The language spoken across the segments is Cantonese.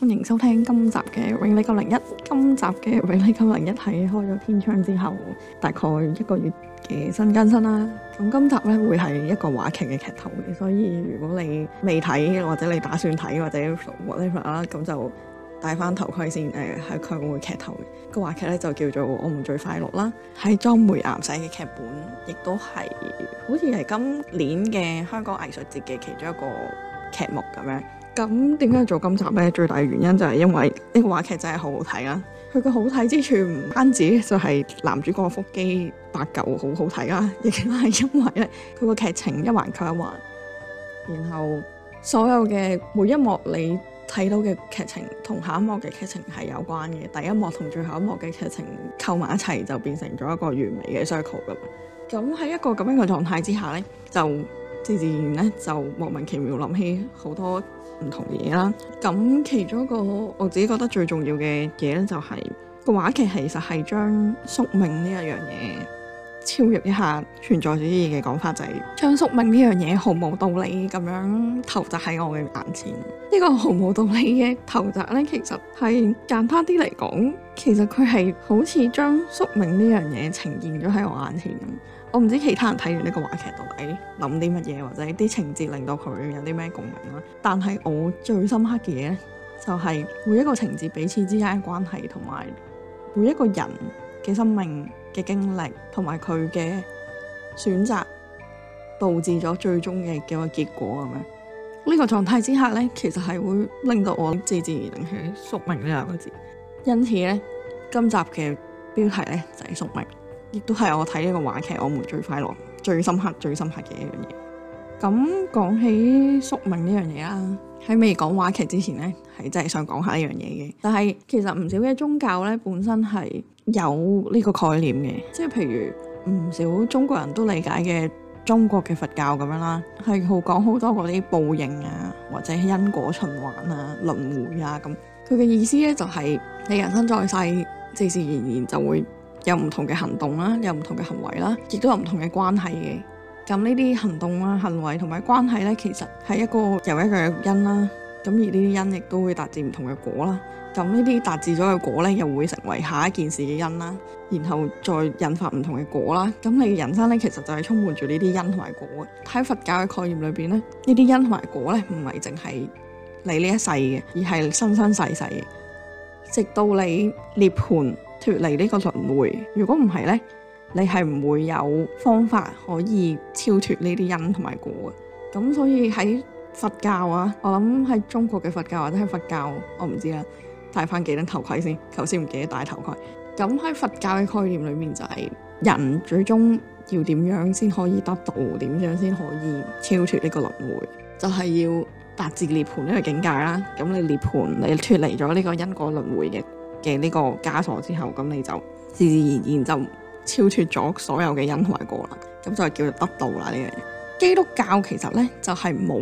歡迎收聽今集嘅永禮九零一，今集嘅永禮九零一喺開咗天窗之後大概一個月嘅新更新啦。咁今集咧會係一個話劇嘅劇透嘅，所以如果你未睇或者你打算睇或者 whatever 啦，咁就戴翻頭盔先。誒，係佢會劇透個話劇咧就叫做《我們最快樂》啦，喺莊梅岩寫嘅劇本，亦都係好似係今年嘅香港藝術節嘅其中一個劇目咁樣。咁點解做今集呢？最大嘅原因就係因為呢個話劇真係好好睇啦。佢個好睇之處唔單止就係男主角腹肌八嚿好好睇啦，亦都係因為呢，佢個劇情一環扣一環，然後所有嘅每一幕你睇到嘅劇情同下一幕嘅劇情係有關嘅，第一幕同最後一幕嘅劇情扣埋一齊就變成咗一個完美嘅 circle 咁喺一個咁樣嘅狀態之下呢，就，自自然咧就莫名其妙諗起好多唔同嘢啦，咁其中一個我自己覺得最重要嘅嘢咧就係、是那個話劇其實係將宿命呢一樣嘢超越一下存在主義嘅講法，就係、是、將宿命呢樣嘢毫無道理咁樣投擲喺我嘅眼前。呢、這個毫無道理嘅投擲咧，其實係簡單啲嚟講，其實佢係好似將宿命呢樣嘢呈現咗喺我眼前噉。我唔知其他人睇完呢個話劇到底諗啲乜嘢，或者啲情節令到佢有啲咩共鳴啦。但係我最深刻嘅嘢咧，就係、是、每一個情節彼此之間嘅關係，同埋每一個人嘅生命嘅經歷，同埋佢嘅選擇，導致咗最終嘅幾個結果咁樣。呢、這個狀態之下咧，其實係會令到我自自然然去宿命呢兩個字。因此咧，今集嘅標題咧就係宿命。亦都係我睇呢個話劇，我們最快樂、最深刻、最深刻嘅一樣嘢。咁講起宿命呢樣嘢啦，喺未講話劇之前呢，係真係想講下呢樣嘢嘅。但係其實唔少嘅宗教呢，本身係有呢個概念嘅，即係譬如唔少中國人都理解嘅中國嘅佛教咁樣啦，係好講好多嗰啲報應啊，或者因果循環啊、輪迴啊咁。佢嘅意思呢、就係，就係你人生在世，自自然然就會有唔同嘅行動啦，有唔同嘅行為啦，亦都有唔同嘅關係嘅。咁呢啲行動啦、行為同埋關係呢，其實係一個又一個嘅因啦。咁而呢啲因亦都會達至唔同嘅果啦。咁呢啲達至咗嘅果呢，又會成為下一件事嘅因啦，然後再引發唔同嘅果啦。咁你嘅人生呢，其實就係充滿住呢啲因同埋果。喺佛教嘅概念裏邊呢，呢啲因同埋果呢，唔係淨係你呢一世嘅，而係生生世世嘅，直到你涅槃。脫離呢個輪迴，如果唔係呢，你係唔會有方法可以超脫呢啲因同埋果嘅。咁所以喺佛教啊，我諗喺中國嘅佛教或者係佛教，我唔知啦，戴翻幾頂頭盔先，頭先唔記得戴頭盔。咁喺佛教嘅概念裏面，就係人最終要點樣先可以得到，點樣先可以超脫呢個輪迴，就係要達至涅槃呢個境界啦、啊。咁你涅槃，你脫離咗呢個因果輪迴嘅。嘅呢個枷鎖之後，咁你就自自然然就超脱咗所有嘅因同埋果啦，咁就係叫做得道啦呢樣嘢。基督教其實呢，就係冇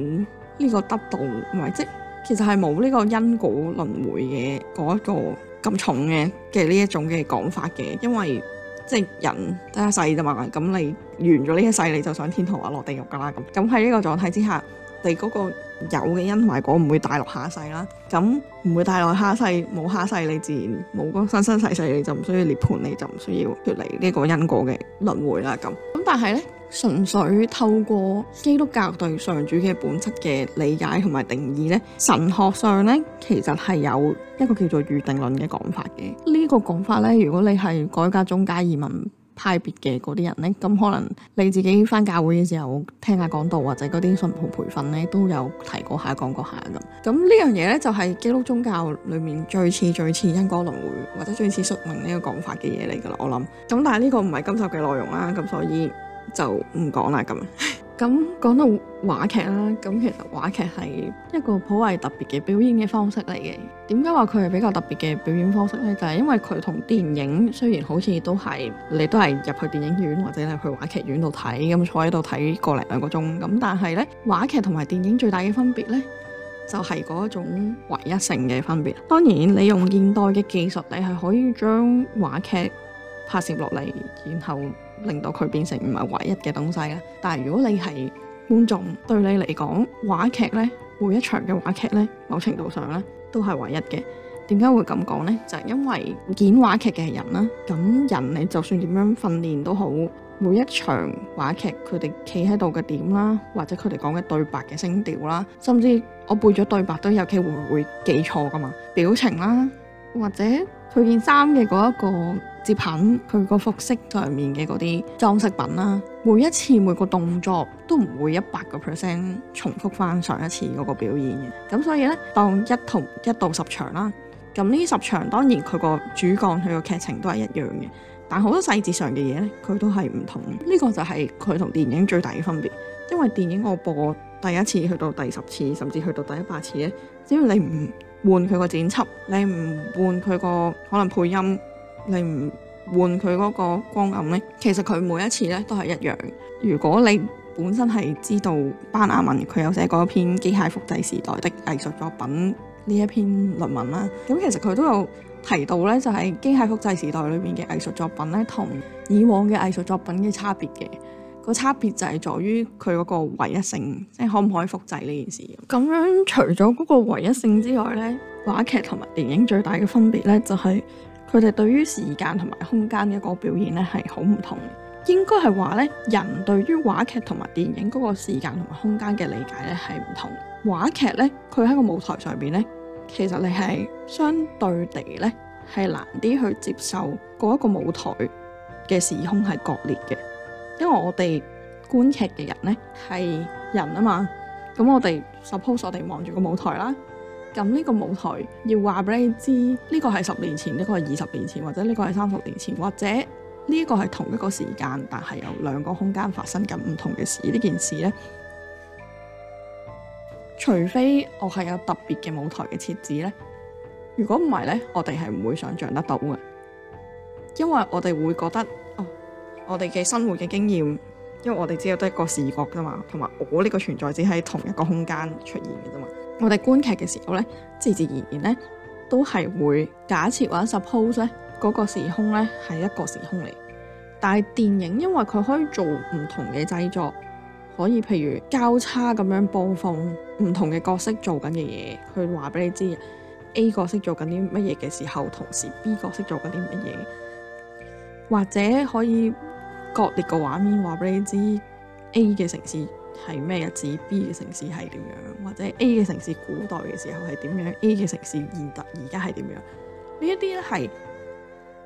呢個得道，唔係即其實係冇呢個因果輪迴嘅嗰一個咁重嘅嘅呢一種嘅講法嘅，因為即係人得一世啫嘛，咁你完咗呢一世你就上天堂或落地獄噶啦咁，咁喺呢個狀態之下。你嗰個有嘅因同埋果唔會帶來下世啦，咁唔會帶來下世，冇下世你自然冇嗰生生世世，你就唔需要涅槃，你就唔需要脱離呢個因果嘅輪迴啦。咁咁但係咧，純粹透過基督教對上主嘅本質嘅理解同埋定義咧，神學上咧其實係有一個叫做預定論嘅講法嘅。個法呢個講法咧，如果你係改革宗加爾文。派別嘅嗰啲人呢，咁可能你自己返教會嘅時候聽下講道，或者嗰啲信號培訓呢，都有提過下講過下咁。咁呢樣嘢呢，就係基督宗教裏面最似最似因果輪迴或者最似宿命呢個講法嘅嘢嚟㗎啦，我諗。咁但係呢個唔係今集嘅內容啦，咁所以就唔講啦咁。 咁講到話劇啦，咁其實話劇係一個頗為特別嘅表演嘅方式嚟嘅。點解話佢係比較特別嘅表演方式呢？就係因為佢同電影雖然好似都係你都係入去電影院或者係去話劇院度睇，咁坐喺度睇過嚟兩個鐘。咁但係呢，話劇同埋電影最大嘅分別呢，就係嗰一種唯一性嘅分別。當然，你用現代嘅技術，你係可以將話劇拍攝落嚟，然後。令到佢變成唔係唯一嘅東西啦。但係如果你係觀眾，對你嚟講，話劇呢，每一場嘅話劇呢，某程度上呢，都係唯一嘅。點解會咁講呢？就係因為演話劇嘅人啦。咁人你就算點樣訓練都好，每一場話劇佢哋企喺度嘅點啦，或者佢哋講嘅對白嘅聲調啦，甚至我背咗對白都有機會會記錯噶嘛。表情啦，或者佢件衫嘅嗰一個。視品佢個服飾上面嘅嗰啲裝飾品啦，每一次每個動作都唔會一百個 percent 重複翻上一次嗰個表演嘅。咁所以呢，當一同一到十場啦，咁呢十場當然佢個主幹佢個劇情都係一樣嘅，但好多細節上嘅嘢呢，佢都係唔同。呢個就係佢同電影最大嘅分別，因為電影我播第一次去到第十次，甚至去到第一百次呢，只要你唔換佢個剪輯，你唔換佢個可能配音。你唔換佢嗰個光暗呢，其實佢每一次呢都係一樣。如果你本身係知道班亞文佢有寫過一篇《機械複製時代的藝術作品》呢一篇論文啦，咁其實佢都有提到呢，就係機械複製時代裏面嘅藝術作品呢，同以往嘅藝術作品嘅差別嘅。個差別就係在於佢嗰個唯一性，即係可唔可以複製呢件事。咁樣除咗嗰個唯一性之外呢，話劇同埋電影最大嘅分別呢，就係佢哋對於時間同埋空間嘅一個表現咧係好唔同的，應該係話呢人對於話劇同埋電影嗰個時間同埋空間嘅理解咧係唔同的。話劇咧，佢喺個舞台上邊呢，其實你係相對地呢，係難啲去接受嗰一個舞台嘅時空係割裂嘅，因為我哋觀劇嘅人呢，係人啊嘛，咁我哋 suppose 我哋望住個舞台啦。咁呢個舞台要話俾你知，呢個係十年前，呢個係二十年前，或者呢個係三十年前，或者呢個係同一個時間，但係有兩個空間發生緊唔同嘅事。呢件事呢，除非我係有特別嘅舞台嘅設置呢，如果唔係呢，我哋係唔會想像得到嘅，因為我哋會覺得，哦，我哋嘅生活嘅經驗，因為我哋只有得一個視覺㗎嘛，同埋我呢個存在只喺同一個空間出現嘅啫嘛。我哋觀劇嘅時候咧，自自然然咧，都係會假設或者 suppose 咧，嗰個時空咧係一個時空嚟。但係電影因為佢可以做唔同嘅製作，可以譬如交叉咁樣播放唔同嘅角色做緊嘅嘢，佢話俾你知 A 角色做緊啲乜嘢嘅時候，同時 B 角色做緊啲乜嘢，或者可以割裂個畫面話俾你知 A 嘅城市。係咩日子？B 嘅城市係點樣？或者 A 嘅城市古代嘅時候係點樣？A 嘅城市現代而家係點樣？呢一啲咧係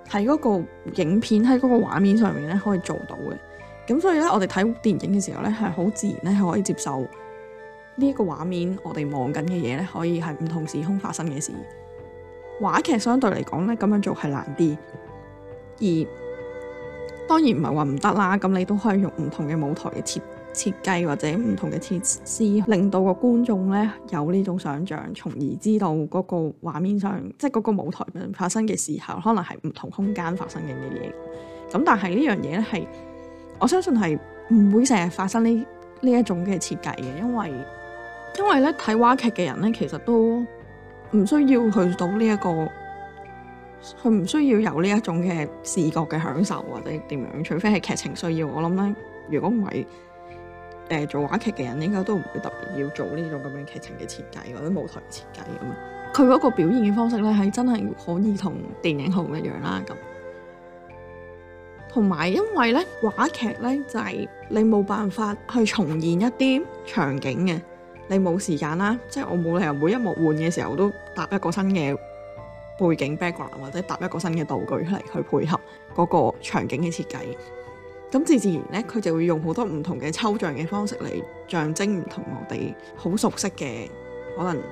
喺嗰個影片喺嗰個畫面上面咧可以做到嘅。咁所以咧，我哋睇電影嘅時候咧係好自然咧，係可以接受呢一個畫面我哋望緊嘅嘢咧，可以係唔同時空發生嘅事。話劇相對嚟講咧，咁樣做係難啲，而當然唔係話唔得啦。咁你都可以用唔同嘅舞台嘅設。設計或者唔同嘅設施，令到個觀眾咧有呢種想像，從而知道嗰個畫面上，即係嗰個舞台發生嘅時候，可能係唔同空間發生嘅嘢。咁但係呢樣嘢咧，係我相信係唔會成日發生呢呢一種嘅設計嘅，因為因為咧睇話劇嘅人咧，其實都唔需要去到呢一個，佢唔需要有呢一種嘅視覺嘅享受或者點樣，除非係劇情需要。我諗咧，如果唔係。誒做話劇嘅人，應該都唔會特別要做呢種咁樣劇情嘅設計，或者舞台嘅設計咁。佢嗰個表現嘅方式咧，係真係可以同電影好唔一樣啦。咁同埋因為咧話劇咧就係、是、你冇辦法去重現一啲場景嘅，你冇時間啦，即、就、係、是、我冇理由每一幕換嘅時候都搭一個新嘅背景 background 或者搭一個新嘅道具出嚟去配合嗰個場景嘅設計。咁自自然咧，佢就會用好多唔同嘅抽象嘅方式嚟象徵唔同我哋好熟悉嘅，可能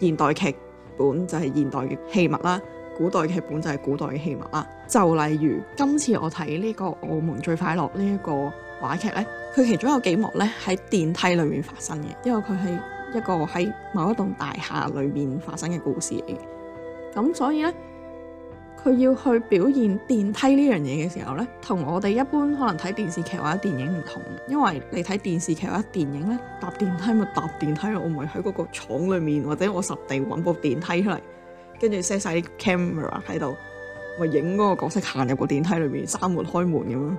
現代劇本就係現代嘅器物啦，古代劇本就係古代嘅器物啦。就例如今次我睇呢、這個《我們最快樂》呢、這、一個話劇呢，佢其中有幾幕呢喺電梯裏面發生嘅，因為佢係一個喺某一棟大廈裏面發生嘅故事嚟嘅。咁所以呢。佢要去表現電梯呢樣嘢嘅時候呢，同我哋一般可能睇電視劇或者電影唔同，因為你睇電視劇或者電影呢，搭電梯咪搭電梯咯，我唔係喺嗰個廠裏面，或者我實地揾部電梯出嚟，跟住 set 曬啲 camera 喺度，咪影嗰個角色行入個電梯裏面，閂門開門咁樣。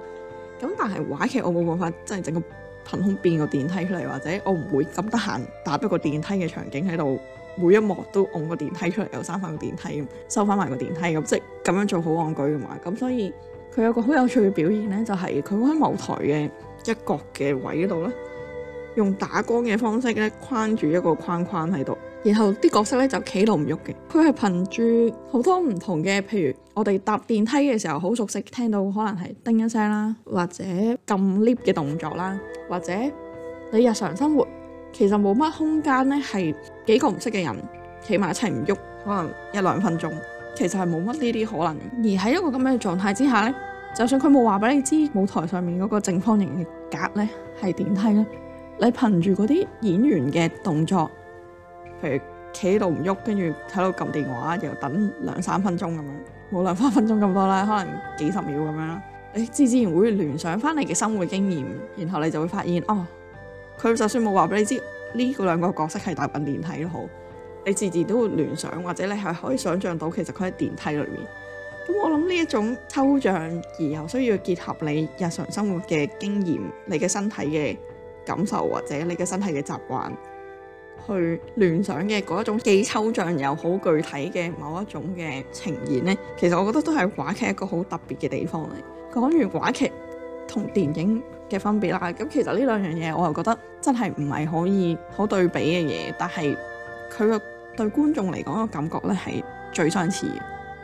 咁但係話劇我冇辦法真係整個憑空變個電梯出嚟，或者我唔會咁得閒搭一個電梯嘅場景喺度。每一幕都按個電梯出嚟，又閂翻個電梯收翻埋個電梯咁，即係咁樣做好戇居嘅嘛。咁所以佢有個好有趣嘅表現咧，就係佢喺舞台嘅一角嘅位度咧，用打光嘅方式咧框住一個框框喺度，然後啲角色咧就企度唔喐嘅。佢係憑住好多唔同嘅，譬如我哋搭電梯嘅時候好熟悉，聽到可能係叮一聲啦，或者撳 lift 嘅動作啦，或者你日常生活。其實冇乜空間呢係幾個唔識嘅人企埋一齊唔喐，可能一兩分鐘，其實係冇乜呢啲可能。而喺一個咁嘅狀態之下呢，就算佢冇話俾你知舞台上面嗰個正方形嘅格呢係電梯呢，你憑住嗰啲演員嘅動作，譬如企喺度唔喐，跟住喺度撳電話，又等兩三分鐘咁樣，冇兩三分鐘咁多啦，可能幾十秒咁樣，你自自然會聯想翻你嘅生活經驗，然後你就會發現，哦。佢就算冇話俾你知呢個兩個角色係大笨電梯都好，你自自都會聯想，或者你係可以想像到其實佢喺電梯裏面。咁我諗呢一種抽象而又需要結合你日常生活嘅經驗、你嘅身體嘅感受或者你嘅身體嘅習慣去聯想嘅嗰一種既抽象又好具體嘅某一種嘅呈現呢，其實我覺得都係話劇一個好特別嘅地方嚟。講完話劇同電影嘅分別啦，咁其實呢兩樣嘢，我又覺得真係唔係可以好對比嘅嘢，但係佢個對觀眾嚟講嘅感覺咧，係最相似。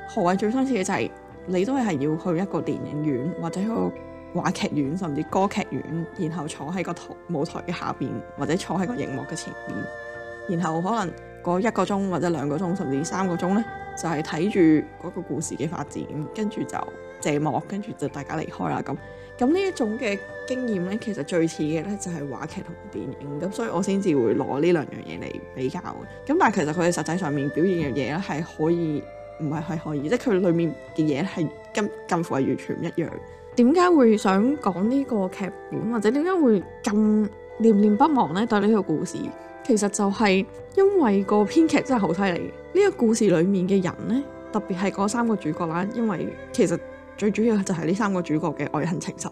何謂最相似嘅就係你都係要去一個電影院或者去個話劇院，甚至歌劇院，然後坐喺個舞台嘅下邊，或者坐喺個熒幕嘅前面，然後可能嗰一個鐘或者兩個鐘甚至三個鐘咧，就係睇住嗰個故事嘅發展，跟住就謝幕，跟住就大家離開啦咁。咁呢一種嘅經驗呢，其實最似嘅呢就係話劇同電影，咁所以我先至會攞呢兩樣嘢嚟比較。咁但係其實佢哋實際上面表現嘅嘢咧，係可以唔係係可以，即係佢裡面嘅嘢係跟近乎係完全唔一樣。點解會想講呢個劇本，或者點解會咁念念不忘呢？對呢個故事，其實就係因為個編劇真係好犀利。呢個故事裡面嘅人呢，特別係嗰三個主角啦，因為其實。最主要就係呢三個主角嘅愛恨情仇，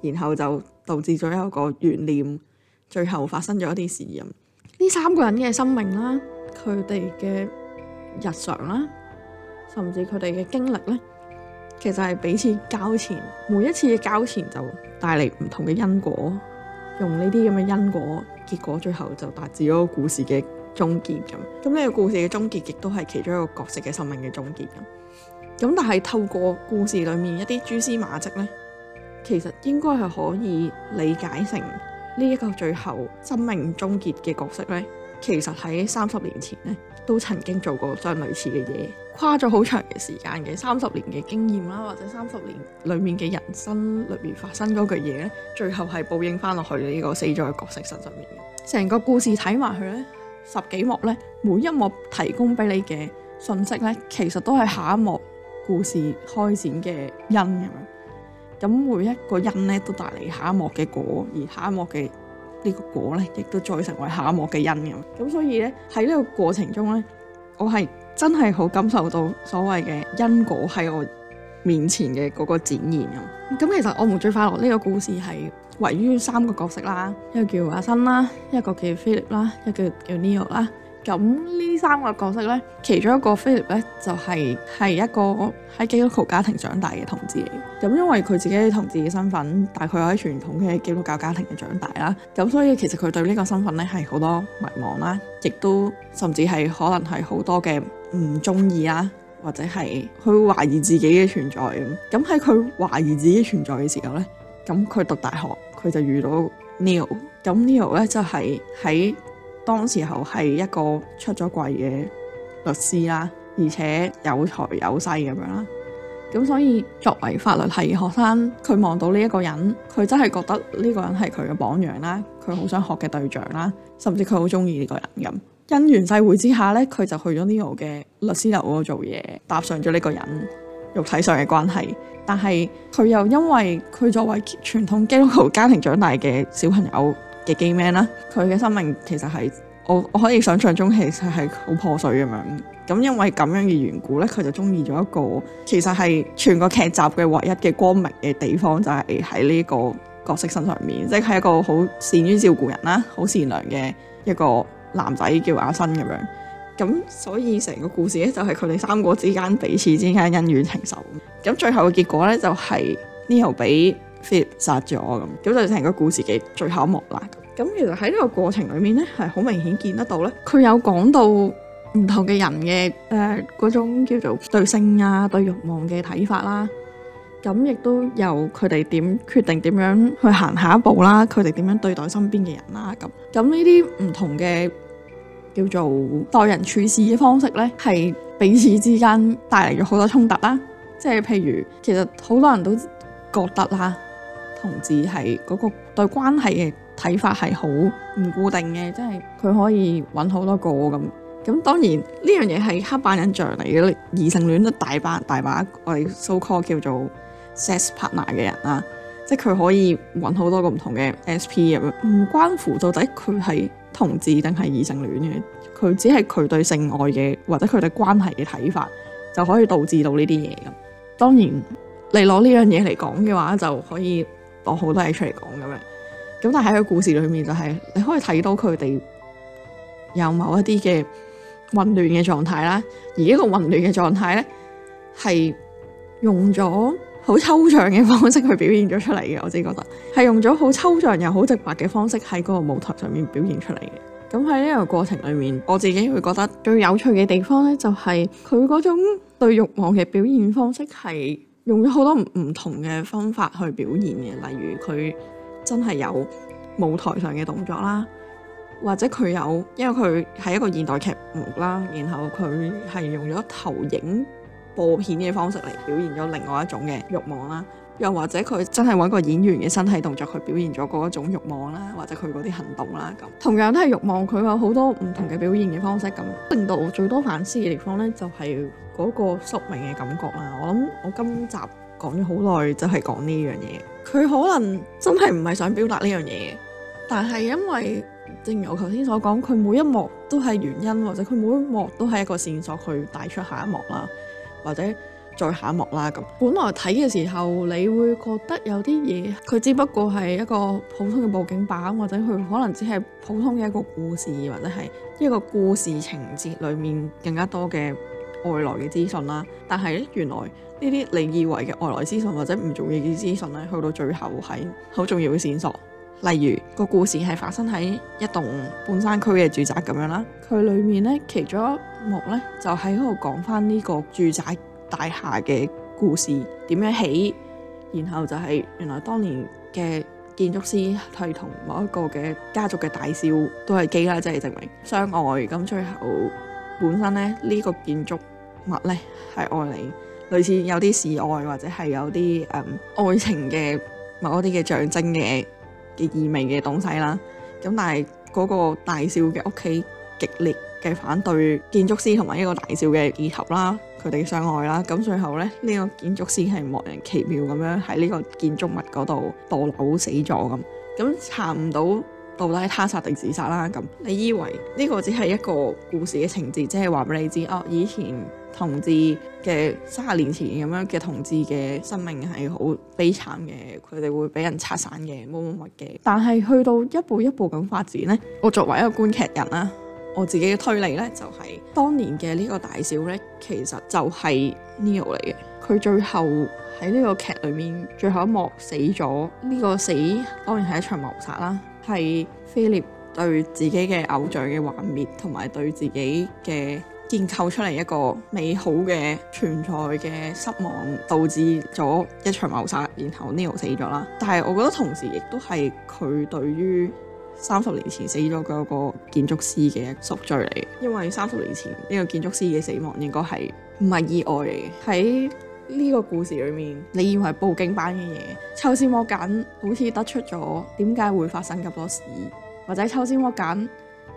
然後就導致咗一個懸念，最後發生咗一啲事。咁呢三個人嘅生命啦，佢哋嘅日常啦，甚至佢哋嘅經歷咧，其實係彼此交纏，每一次嘅交纏就帶嚟唔同嘅因果，用呢啲咁嘅因果結果，最後就達至咗個故事嘅終結咁。咁呢個故事嘅終結亦都係其中一個角色嘅生命嘅終結。咁但係透過故事裏面一啲蛛絲馬跡呢，其實應該係可以理解成呢一個最後生命終結嘅角色呢，其實喺三十年前呢，都曾經做過相類似嘅嘢，跨咗好長嘅時間嘅三十年嘅經驗啦，或者三十年裏面嘅人生裏面發生嗰句嘢呢，最後係報應翻落去呢個死咗嘅角色身上面，成個故事睇埋去呢，十幾幕呢，每一幕提供俾你嘅信息呢，其實都係下一幕，故事開展嘅因，咁每一個因咧都帶嚟下一幕嘅果，而下一幕嘅呢個果咧，亦都再成為下一幕嘅因。咁咁所以咧喺呢個過程中咧，我係真係好感受到所謂嘅因果喺我面前嘅嗰個展現咁。咁其實《我們最快樂》呢、這個故事係位於三個角色啦，一個叫阿新啦，一個叫菲力啦，一個叫尼奧啦。咁呢三個角色呢，其中一個 Philip 呢，就係係一個喺基督教家庭長大嘅同志嚟。咁因為佢自己係同志嘅身份，但係佢喺傳統嘅基督教家庭嘅長大啦，咁所以其實佢對呢個身份呢，係好多迷茫啦，亦都甚至係可能係好多嘅唔中意啦，或者係佢會懷疑自己嘅存在。咁喺佢懷疑自己存在嘅時候呢，咁佢讀大學，佢就遇到 Neil。咁 Neil 呢，就係喺當時候係一個出咗櫃嘅律師啦，而且有才有勢咁樣啦，咁所以作為法律系學生，佢望到呢一個人，佢真係覺得呢個人係佢嘅榜樣啦，佢好想學嘅對象啦，甚至佢好中意呢個人咁。因緣際會之下呢，佢就去咗呢度嘅律師樓度做嘢，搭上咗呢個人肉體上嘅關係，但係佢又因為佢作為傳統基督教家庭長大嘅小朋友。嘅機命啦，佢嘅生命其實係我我可以想象中其實係好破碎咁樣。咁因為咁樣嘅緣故咧，佢就中意咗一個其實係全個劇集嘅唯一嘅光明嘅地方，就係喺呢個角色身上面，即係一個好善於照顧人啦、好善良嘅一個男仔叫阿新咁樣。咁所以成個故事咧就係佢哋三個之間彼此之間恩怨情仇。咁最後嘅結果咧就係呢個俾。飛殺咗咁，咁就成個故事嘅最後一幕啦。咁其實喺呢個過程裏面呢，係好明顯見得到呢，佢有講到唔同嘅人嘅誒嗰種叫做對性啊、對慾望嘅睇法啦。咁亦都由佢哋點決定點樣去行下一步啦，佢哋點樣對待身邊嘅人啦、啊。咁咁呢啲唔同嘅叫做待人處事嘅方式呢，係彼此之間帶嚟咗好多衝突啦。即係譬如，其實好多人都覺得啦。同志係嗰個對關係嘅睇法係好唔固定嘅，即係佢可以揾好多個咁。咁當然呢樣嘢係黑板印象嚟嘅，異性戀都大把大把我哋 so call 叫做 sex partner 嘅人啦，即係佢可以揾好多個唔同嘅 SP 咁，唔關乎到底佢係同志定係異性戀嘅，佢只係佢對性愛嘅或者佢對關係嘅睇法就可以導致到呢啲嘢咁。當然你攞呢樣嘢嚟講嘅話就可以。講好多嘢出嚟講咁樣，咁但係喺個故事裏面就係、是，你可以睇到佢哋有某一啲嘅混亂嘅狀態啦，而一個混亂嘅狀態咧係用咗好抽象嘅方式去表現咗出嚟嘅，我自己覺得係用咗好抽象又好直白嘅方式喺嗰個舞台上面表現出嚟嘅。咁喺呢個過程裏面，我自己會覺得最有趣嘅地方咧就係佢嗰種對慾望嘅表現方式係。用咗好多唔同嘅方法去表現嘅，例如佢真係有舞台上嘅動作啦，或者佢有，因為佢係一個現代劇目啦，然後佢係用咗投影播片嘅方式嚟表現咗另外一種嘅欲望啦。又或者佢真係揾個演員嘅身體動作去表現咗嗰一種慾望啦，或者佢嗰啲行動啦咁，同樣都係欲望，佢有好多唔同嘅表現嘅方式咁，令到我最多反思嘅地方咧，就係嗰個宿命嘅感覺啦。我諗，我今集講咗好耐，就係講呢樣嘢。佢可能真係唔係想表達呢樣嘢，但係因為正如我頭先所講，佢每一幕都係原因，或者佢每一幕都係一個線索去帶出下一幕啦，或者。再下一幕啦咁。本來睇嘅時候，你會覺得有啲嘢佢只不過係一個普通嘅佈景板，或者佢可能只係普通嘅一個故事，或者係一個故事情節裏面更加多嘅外來嘅資訊啦。但係原來呢啲你以為嘅外來資訊或者唔重要嘅資訊咧，去到最後係好重要嘅線索。例如，這個故事係發生喺一棟半山區嘅住宅咁樣啦，佢裏面咧其中一幕咧就喺度講翻呢個住宅。大廈嘅故事點樣起？然後就係、是，原來當年嘅建築師係同某一個嘅家族嘅大少都係基啦，即係證明相愛。咁最後本身咧呢，這個建築物咧係愛你，類似有啲示愛或者係有啲誒、嗯、愛情嘅某啲嘅象徵嘅嘅意味嘅東西啦。咁但係嗰個大少嘅屋企極力嘅反對建築師同埋一個大少嘅意頭啦。佢哋傷害啦，咁最後咧，呢個建築師係莫名其妙咁樣喺呢個建築物嗰度墮樓死咗咁，咁查唔到到底係他殺定自殺啦。咁，你以為呢個只係一個故事嘅情節，即係話俾你知，哦，以前同志嘅三十年前咁樣嘅同志嘅生命係好悲慘嘅，佢哋會俾人拆散嘅、冇乜嘅。但係去到一步一步咁發展咧，我作為一個觀劇人啦。我自己嘅推理呢、就係，就係當年嘅呢個大小呢，其實就係 Neil 嚟嘅。佢最後喺呢個劇裏面最後一幕死咗，呢、呢個死當然係一場謀殺啦，係 Philip 對自己嘅偶像嘅幻滅，同埋對自己嘅建構出嚟一個美好嘅存在嘅失望，導致咗一場謀殺，然後 Neil 死咗啦。但係我覺得同時亦都係佢對於三十年前死咗嗰個建築師嘅宿罪嚟，因為三十年前呢個建築師嘅死亡應該係唔係意外嚟嘅。喺呢個故事裏面，你以為報警版嘅嘢，抽絲剝繭好似得出咗點解會發生咁多事，或者抽絲剝繭。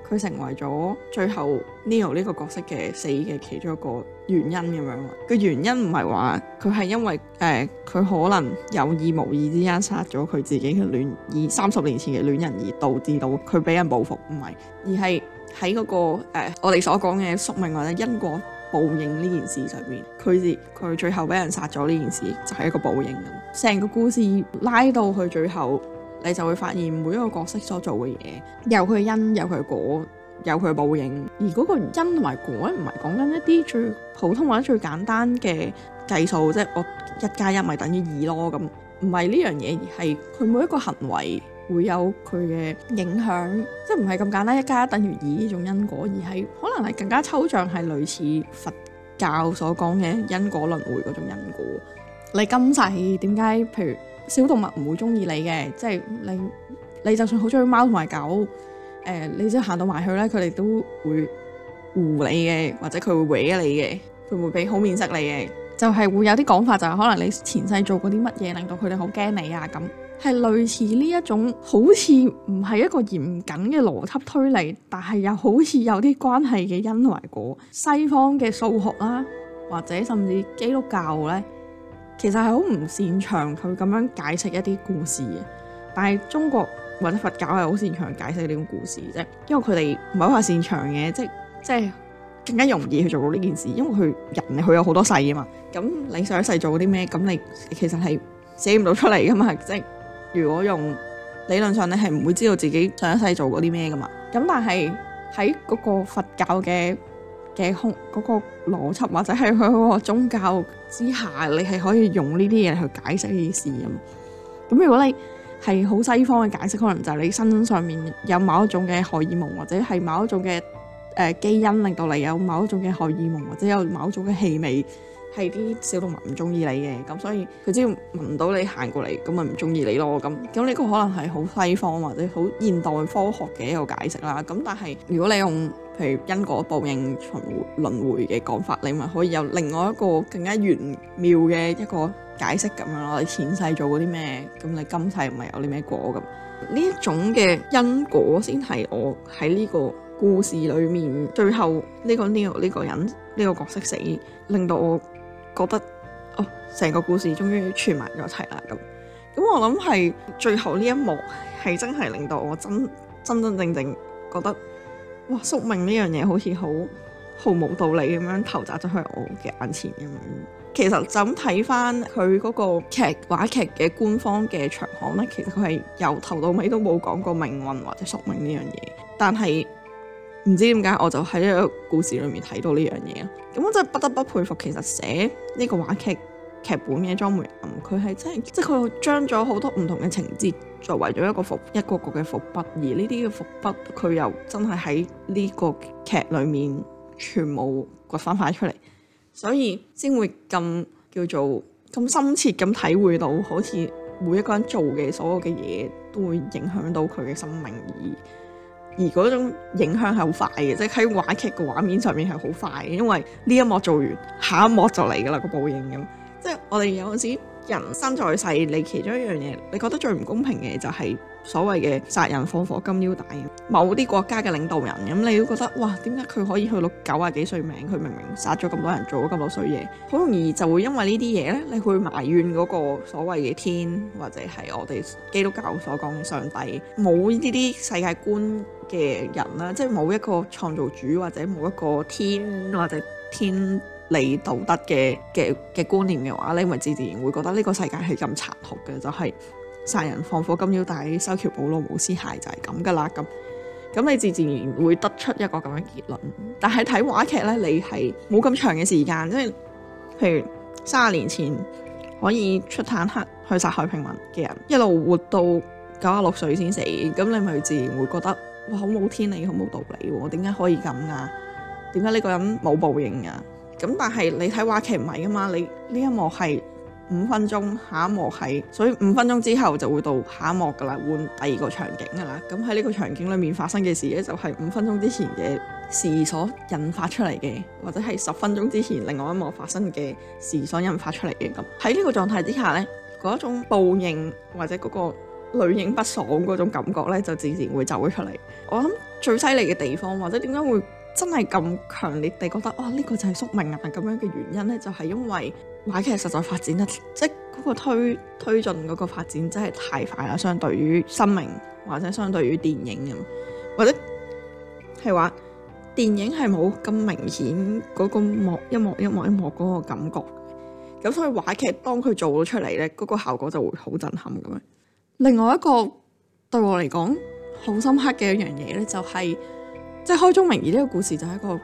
佢成為咗最後 Neil 呢個角色嘅死嘅其中一個原因咁樣，個原因唔係話佢係因為誒佢、呃、可能有意無意之間殺咗佢自己嘅戀，人，三十年前嘅戀人而導致到佢俾人報復，唔係，而係喺嗰個、呃、我哋所講嘅宿命或者因果報應呢件事上面。佢是佢最後俾人殺咗呢件事就係、是、一個報應咁，成個故事拉到去最後。你就會發現每一個角色所做嘅嘢，有佢因，有佢果，有佢嘅報應。而嗰個因同埋果唔係講緊一啲最普通或者最簡單嘅計數，即係我一加一咪等於二咯咁。唔係呢樣嘢，而係佢每一個行為會有佢嘅影響，即係唔係咁簡單一加一等於二呢種因果，而係可能係更加抽象，係類似佛教所講嘅因果輪迴嗰種因果。你今世點解譬如，小動物唔會中意你嘅，即係你你就算好中意貓同埋狗，誒、呃，你即係行到埋去咧，佢哋都會護你嘅，或者佢會搲你嘅，佢唔會俾好面色你嘅。就係會有啲講法，就係、是、可能你前世做過啲乜嘢，令到佢哋好驚你啊咁。係類似呢一種，好似唔係一個嚴謹嘅邏輯推理，但係又好似有啲關係嘅因同埋果。西方嘅數學啦，或者甚至基督教咧，其實係好唔擅長佢咁樣解釋一啲故事嘅，但係中國或者佛教係好擅長解釋呢種故事啫，因為佢哋唔係話擅長嘅，即係即係更加容易去做到呢件事，因為佢人佢有好多世噶嘛，咁你上一世做啲咩？咁你其實係寫唔到出嚟噶嘛，即係如果用理論上你係唔會知道自己上一世做過啲咩噶嘛，咁但係喺嗰個佛教嘅嘅空嗰個。邏輯或者係佢嗰個宗教之下，你係可以用呢啲嘢去解釋呢啲事咁。咁如果你係好西方嘅解釋，可能就係你身上面有某一種嘅荷爾蒙，或者係某一種嘅誒、呃、基因令到你有某一種嘅荷爾蒙，或者有某種嘅氣味，係啲小動物唔中意你嘅。咁所以佢只要聞到你行過嚟，咁咪唔中意你咯。咁咁呢個可能係好西方或者好現代科學嘅一個解釋啦。咁但係如果你用譬如因果報應、循回輪迴嘅講法，你咪可以有另外一個更加玄妙嘅一個解釋咁樣咯。你前世做過啲咩？咁你今世唔係有啲咩果咁？呢一種嘅因果先係我喺呢個故事裏面，最後呢、呢個 Leo 呢個人呢、呢個角色死，令到我覺得哦，成個故事終於串埋咗一齊啦咁。咁我諗係最後呢一幕係真係令到我真真真正正覺得。哇！宿命呢樣嘢好似好毫無道理咁樣，投擲咗喺我嘅眼前咁樣。其實就咁睇翻佢嗰個劇話劇嘅官方嘅場刊呢，其實佢係由頭到尾都冇講過命運或者宿命呢樣嘢。但係唔知點解我就喺呢個故事裏面睇到呢樣嘢啊！咁我真係不得不佩服，其實寫呢個話劇劇本嘅莊梅岩，佢係真係即係佢將咗好多唔同嘅情節作為咗一個伏一個個嘅伏筆，而呢啲嘅伏筆佢又真係喺呢個劇裏面全部掘翻曬出嚟，所以先會咁叫做咁深切咁體會到，好似每一個人做嘅所有嘅嘢都會影響到佢嘅生命，而而嗰種影響係好快嘅，即係喺話劇嘅畫面上面係好快嘅，因為呢一幕做完下一幕就嚟㗎啦，這個報應咁。即係我哋有陣時人生在世，你其中一樣嘢，你覺得最唔公平嘅就係所謂嘅殺人放火金腰帶，某啲國家嘅領導人咁，你都覺得哇，點解佢可以去到九啊幾歲命？佢明明殺咗咁多人，做咗咁多衰嘢，好容易就會因為呢啲嘢咧，你去埋怨嗰個所謂嘅天，或者係我哋基督教所講嘅上帝。冇呢啲世界觀嘅人啦，即係冇一個創造主或者冇一個天或者天。你道德嘅嘅嘅觀念嘅話，你咪自自然會覺得呢個世界係咁殘酷嘅，就係、是、殺人放火金腰帶，修橋補路冇屍骸，就係咁噶啦。咁咁，你自自然會得出一個咁嘅結論。但係睇話劇咧，你係冇咁長嘅時間，即係譬如三十年前可以出坦克去殺害平民嘅人，一路活到九十六歲先死，咁你咪自然會覺得哇，好冇天理，好冇道理喎。點解可以咁噶？點解呢個人冇報應噶？咁但係你睇話劇唔係噶嘛？你呢一幕係五分鐘，下一幕係，所以五分鐘之後就會到下一幕噶啦，換第二個場景噶啦。咁喺呢個場景裏面發生嘅事咧，就係五分鐘之前嘅事所引發出嚟嘅，或者係十分鐘之前另外一幕發生嘅事所引發出嚟嘅咁。喺呢個狀態之下呢，嗰種報應或者嗰個類型不爽嗰種感覺呢，就自然會走咗出嚟。我諗最犀利嘅地方或者點解會？真係咁強烈地覺得哇！呢個就係宿命啊，咁樣嘅原因呢，就係因為話劇實在發展得，即係嗰個推推進嗰個發展真係太快啦，相對於生命或者相對於電影咁，或者係話電影係冇咁明顯嗰個幕一幕一幕一幕嗰個感覺。咁所以話劇當佢做咗出嚟呢，嗰個效果就會好震撼咁樣。另外一個對我嚟講好深刻嘅一樣嘢呢，就係。即係開宗明義，呢個故事就係一個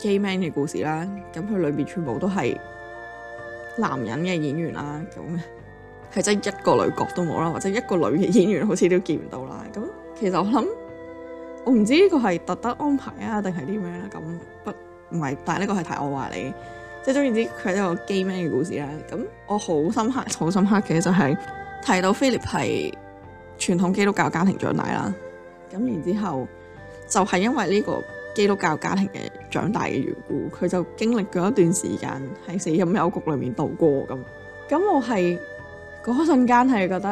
gay man 嘅故事啦，咁佢裏邊全部都係男人嘅演員啦，咁係真係一個女角都冇啦，或者一個女嘅演員好似都見唔到啦。咁其實我諗，我唔知呢個係特登安排啊，定係啲咩啦？咁不唔係，但係呢個係太我話你，即係總言之佢係一個 gay man 嘅故事啦。咁我好深刻好深刻嘅就係提到 Philip 係傳統基督教家庭長大啦，咁然之後。就係因為呢個基督教家庭嘅長大嘅緣故，佢就經歷過一段時間喺死蔭幽谷裏面度過咁。咁我係嗰、那個、瞬間係覺得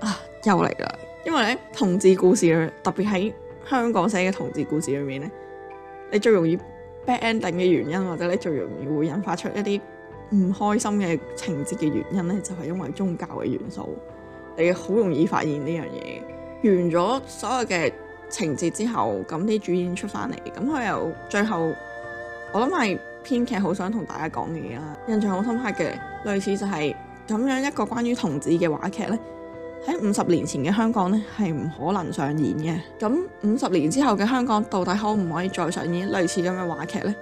啊，又嚟啦！因為咧，同志故事特別喺香港寫嘅同志故事裏面咧，你最容易 bad ending 嘅原因，或者你最容易會引發出一啲唔開心嘅情節嘅原因咧，就係、是、因為宗教嘅元素，你好容易發現呢樣嘢完咗所有嘅。情節之後，咁啲主演出翻嚟，咁佢又最後，我諗係編劇好想同大家講嘅嘢啦，印象好深刻嘅，類似就係、是、咁樣一個關於同志嘅話劇呢喺五十年前嘅香港呢係唔可能上演嘅，咁五十年之後嘅香港到底可唔可以再上演類似咁嘅話劇呢？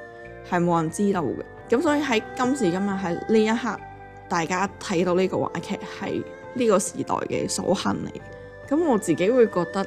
係冇人知道嘅，咁所以喺今時今日喺呢一刻，大家睇到呢個話劇係呢個時代嘅所幸嚟，咁我自己會覺得。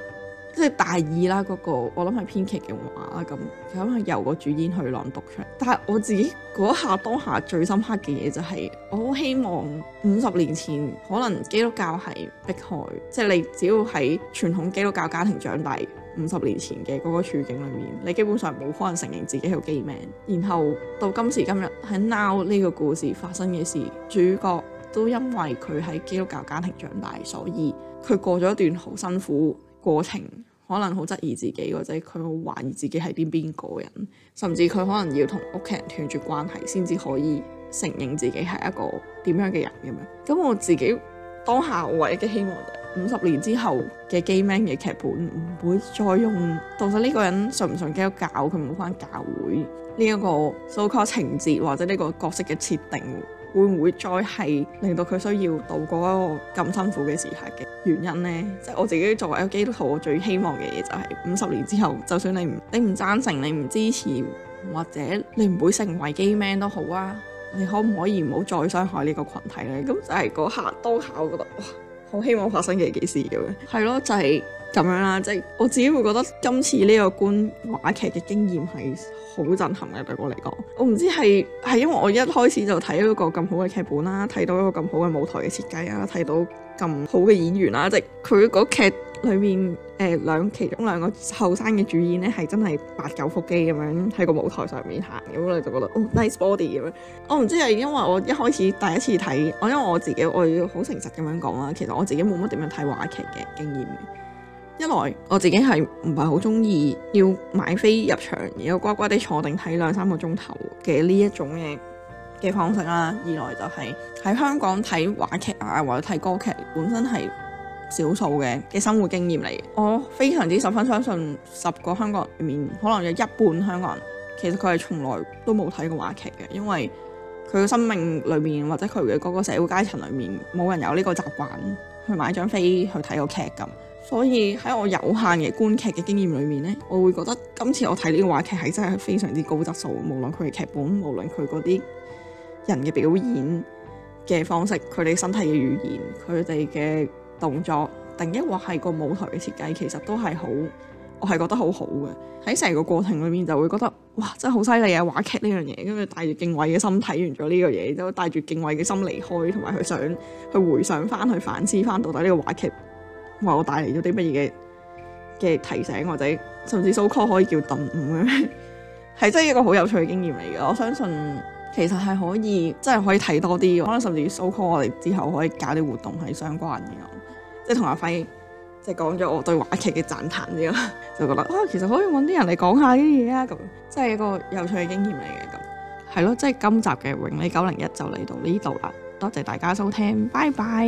即係大二啦，嗰、那個我諗係編劇嘅話咁，佢可能由個主演去朗讀出嚟。但係我自己嗰下當下最深刻嘅嘢就係、是、我好希望五十年前可能基督教係迫害，即、就、係、是、你只要喺傳統基督教家庭長大，五十年前嘅嗰個處境裡面，你基本上冇可能承認自己係 gay man。然後到今時今日喺 now 呢個故事發生嘅時，主角都因為佢喺基督教家庭長大，所以佢過咗一段好辛苦。過程可能好質疑自己，或者佢好懷疑自己係邊邊個人，甚至佢可能要同屋企人斷絕關係，先至可以承認自己係一個點樣嘅人咁樣。咁、嗯、我自己當下我唯一嘅希望五十年之後嘅 g a m a n 嘅劇本唔會再用到咗呢個人信唔信基督教佢冇返教會呢一個 showcase 情節或者呢個角色嘅設定。會唔會再係令到佢需要渡過一個咁辛苦嘅時刻嘅原因呢？即係我自己作為一個基督徒，我最希望嘅嘢就係五十年之後，就算你唔你唔贊成、你唔支持，或者你唔會成為基 man 都好啊，你可唔可以唔好再傷害呢個群體呢？咁就係嗰刻當下覺得哇，好希望發生嘅幾事咁樣。係咯，就係。咁樣啦，即、就、係、是、我自己會覺得今次呢個觀話劇嘅經驗係好震撼嘅，對我嚟講，我唔知係係因為我一開始就睇咗個咁好嘅劇本啦，睇到一個咁好嘅舞台嘅設計啊，睇到咁好嘅演員啦，即係佢嗰劇裏面誒、呃、兩其中兩個後生嘅主演咧，係真係八九腹肌咁樣喺個舞台上面行咁，我就覺得 o、oh, nice body 咁樣。我唔知係因為我一開始第一次睇，我因為我自己我要好誠實咁樣講啦，其實我自己冇乜點樣睇話劇嘅經驗。一來我自己係唔係好鍾意要買飛入場，要乖乖地坐定睇兩三個鐘頭嘅呢一種嘅嘅方式啦。二來就係喺香港睇話劇啊，或者睇歌劇，本身係少數嘅嘅生活經驗嚟。我非常之十分相信，十個香港人裏面可能有一半香港人其實佢係從來都冇睇過話劇嘅，因為佢嘅生命裏面或者佢嘅嗰個社會階層裏面冇人有呢個習慣去買張飛去睇個劇咁。所以喺我有限嘅觀劇嘅經驗裏面，呢我會覺得今次我睇呢個話劇係真係非常之高質素。無論佢嘅劇本，無論佢嗰啲人嘅表演嘅方式，佢哋身體嘅語言，佢哋嘅動作，定抑或係個舞台嘅設計，其實都係好，我係覺得好好嘅。喺成個過程裏面就會覺得，哇！真係好犀利啊，話劇呢樣嘢，跟住帶住敬畏嘅心睇完咗呢個嘢，都帶住敬畏嘅心離開，同埋佢想去回想翻，去反思翻到底呢個話劇為我帶嚟咗啲乜嘢嘅嘅提醒，或者甚至搜 call 可以叫鄧五咁，係 真係一個好有趣嘅經驗嚟嘅。我相信其實係可以真係可以睇多啲，可能甚至於搜 call 我哋之後可以搞啲活動係相關嘅。即係同阿輝即係講咗我對話劇嘅讚嘆之後，就覺得啊，其實可以搵啲人嚟講下呢啲嘢啊咁，即係一個有趣嘅經驗嚟嘅咁。係咯，即係今集嘅永利九零一就嚟到呢度啦，多謝大家收聽，拜拜。